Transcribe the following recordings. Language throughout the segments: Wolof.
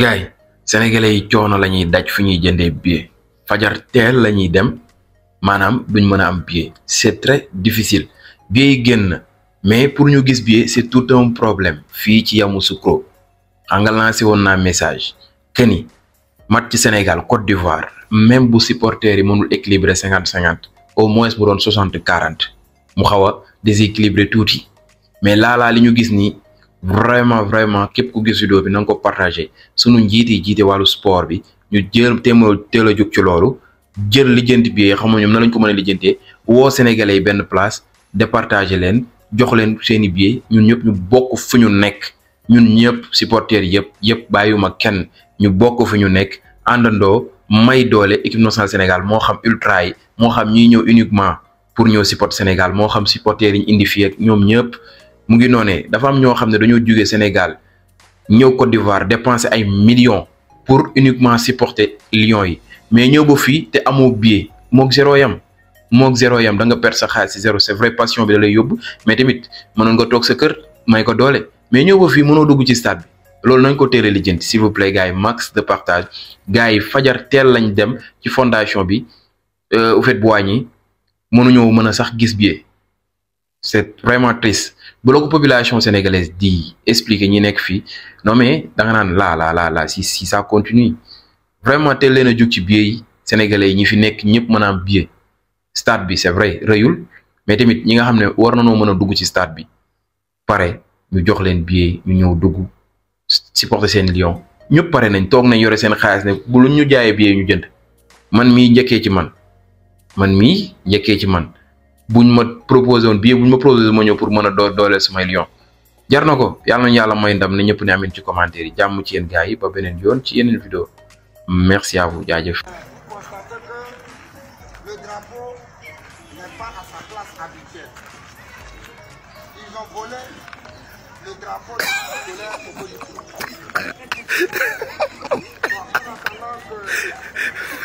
gaay sénégalais yi coono la ñuy daj fu ñuy jëndee billet fajar teel la ñuy dem maanaam duñ mën a am billet c'est très difficile billet yi génn mais pour ñu gis billet c'est tout un problème fii ci Yamoussoukro xam nga lancé woon naa message que ni match ci Sénégal Côte d'Ivoire même bu supporters yi mënul équilibré cinquante cinquante au moins mu doon soixante quarante mu xaw a déséquilibré tuuti mais laalaa li ñu gis nii vraiment vraiment képp ku gis vidéo bi na nga ko partagé sunu njiit yi jiite wàllu sport bi ñu jël téeméer teel a jóg ci loolu jël lijjant bi xam nga ñoom na lañ ko mën a lijjantee woo Sénégalais benn place départagé leen jox leen seen i ñun ñëpp ñu bokk fu ñu nekk ñun ñëpp supporters yëpp yëpp bàyyiwuma kenn ñu bokk fu ñu nekk àndandoo may doole équipe nationale Sénégal moo xam ultra yi moo xam ñii ñëw uniquement pour ñëw support Sénégal moo xam supporters yi ñu indi fii ak ñoom ñëpp. mu ngi noone dafa am ñoo xam ne dañoo jóge Sénégal ñëw Côte d'Ivoire dépenser ay millions pour uniquement supporter Lions yi mais ñëw ba fii te amoo billet moog zéro yam moog zéro yam da nga perte sa xaalis si zéro c'est vrai passion bi da lay yóbbu mais tamit mënoon nga toog sa kër may ko doole mais ñëw ba fii mënoo dugg ci stade bi. loolu nañ ko teel a si s'il vous plaît gars yi max de partage gars yi fajar teel lañ dem ci fondation bi euh, au fait bu wàññi mënuñoo mën a sax gis billet c'est vraiment ba la ko population sénégalaise di expliquer ñi nekk fii non mais danga naan la laa la la si si sa continue vraiment te leen a jug ci billet yi yi ñi fi nekk ñëpp mën a am bi c'est vrai rëyul mais tamit ñi nga xam ne war na noo mën a dugg ci stade bi pare ñu jox leen billet ñu ñëw dugg supporter seen Lion ñëpp pare nañ toog nañ yore seen xaalis ne bu ñu jaayee billet ñu jënd man mii njëkkee ci man man mii njëkkee ci man buñ ma proposé woon bii buñ ma proposé ma ñëw pour mën a doo dooleel samay lion jar na ko yàlla yàlla may ndam ne ñëpp ne amin ci commentaire yi jàmm ci yéen gars yi ba beneen yoon ci yeneen vidéo merci à vous jaajëf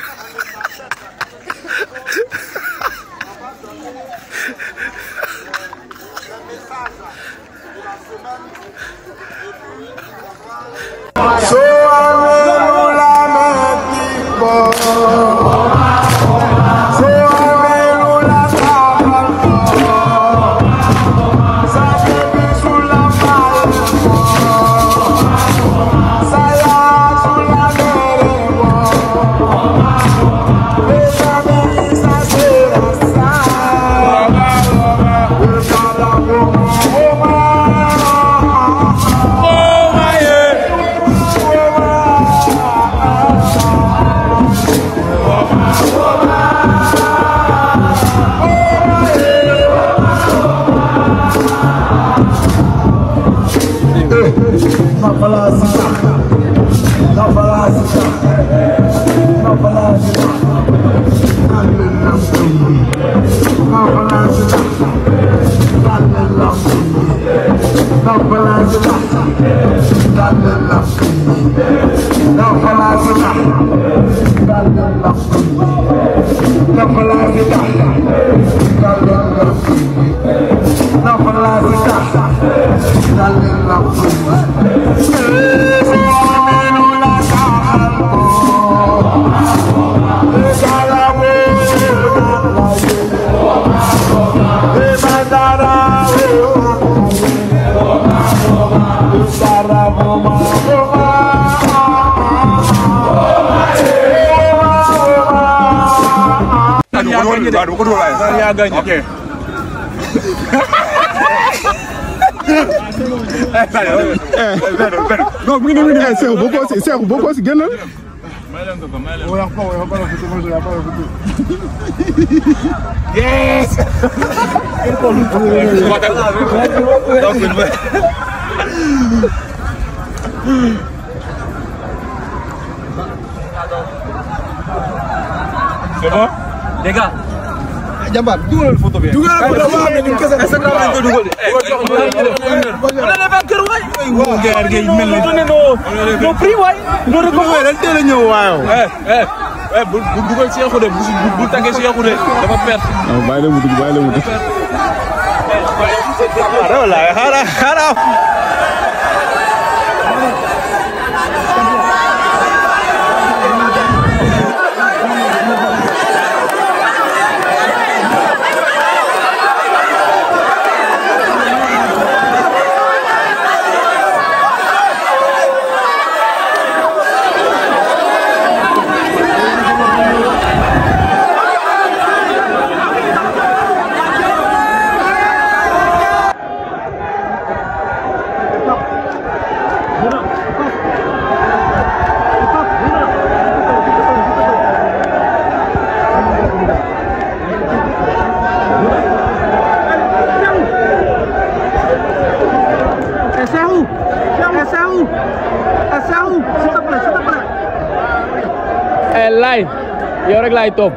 balance la tàllal làmp yi na balance la tàllal làmp yi na balance la tàllal làmp yi na balance la tàllal làmp yi gagné de waaw ko dugal waaye. Sarr yaa gagné ok. non mu ngi nii mu ngi nii. Eh, Seex boo ko si Seex boo ko si génnal. Yes! C'est bon Les gars jàmbaar dugalal photo bi dugalal photo bi waaw ñun kese Instagram lañ dugal wala dafa kër waay waaw gerte gi mel ni no prix waay no rek a dugal Cheikhou de bu tàggee Cheikhou de dafa perte bàyyi la mu dugg bàyyi la mu dugg xaaral xaaral eh laay yow rek laay topp.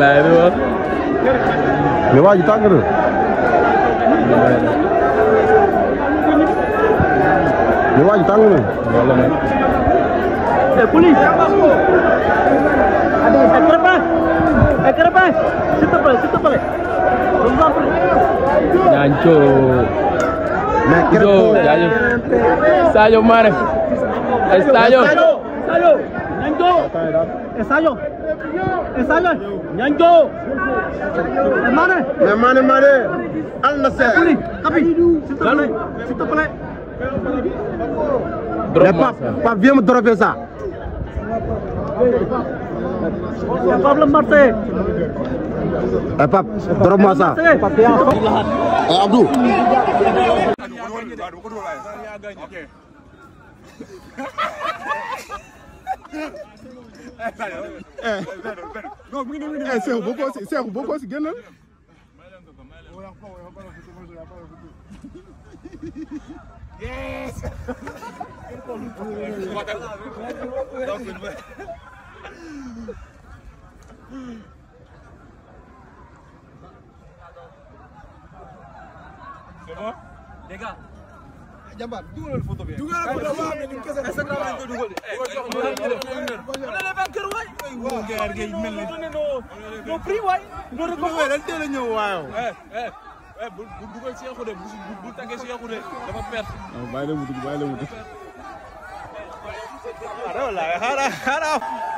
laay di wax. mais waa ji tàng na. mais waa ji tàng na. police. Carapaz, s'il te plaît, s'il te plaît. Ñaanco. Ido jaajëf Sadio Mané Sadio Sadio Sadio Ñanjo Mané Mané Mané Al Nassr Kapi s'il te plaît s'il te plaît Mais pas pas viens me dropper ça Pape le Marseille Pape drop-moi ça Abdou gagné de Sarr yaa gagné ok. dégg nga. jàmbaar dugalal photo bi. dugalal photo bi waaw ñun kese. Instagram lañ koy dugal. Eh, waaw gerte gi mel ni. non prix waay. loolu ko waay lan teel a ñëw waaw. Eh, eh, bu bu dugal Cheikhou de bu bu tàggee Cheikhou de dafa perte. waaw ah, bàyyi la mu dugg bàyyi la mu dugg. Ah,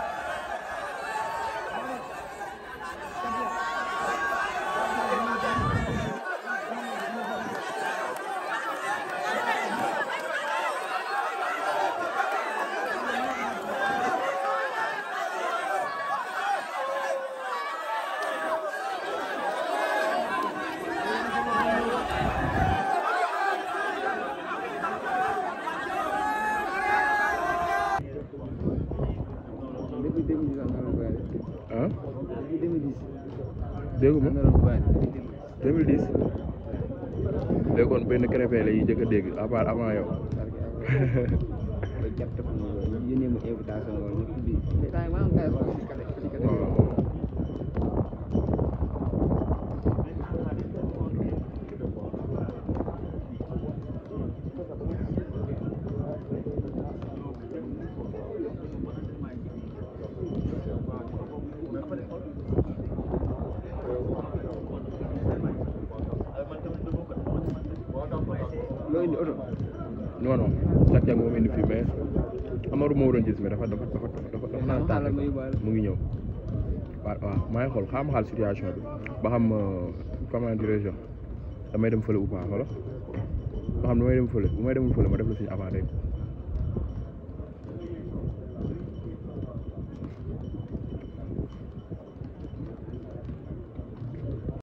depuis 2010 am na doon bàyyi. ah. depuis 2010. déggu ma am na doon bàyyi 2010. léegi kon benn crépé la ñuy njëkk a dégg à part avant yow. yéen a ngi mu invitation indi oto non non càq càq moom indi fii mais Amadou moo waroon gis mais dafa dafa dafa dafa dafa mu ngi ñëw waaw waaw maa ngi xool xaama xaal situation bi ba xam comment dirais-je damay dem fële ou pas wala ba xam damay dem fële bu may demul fële ma def la suñu avant rek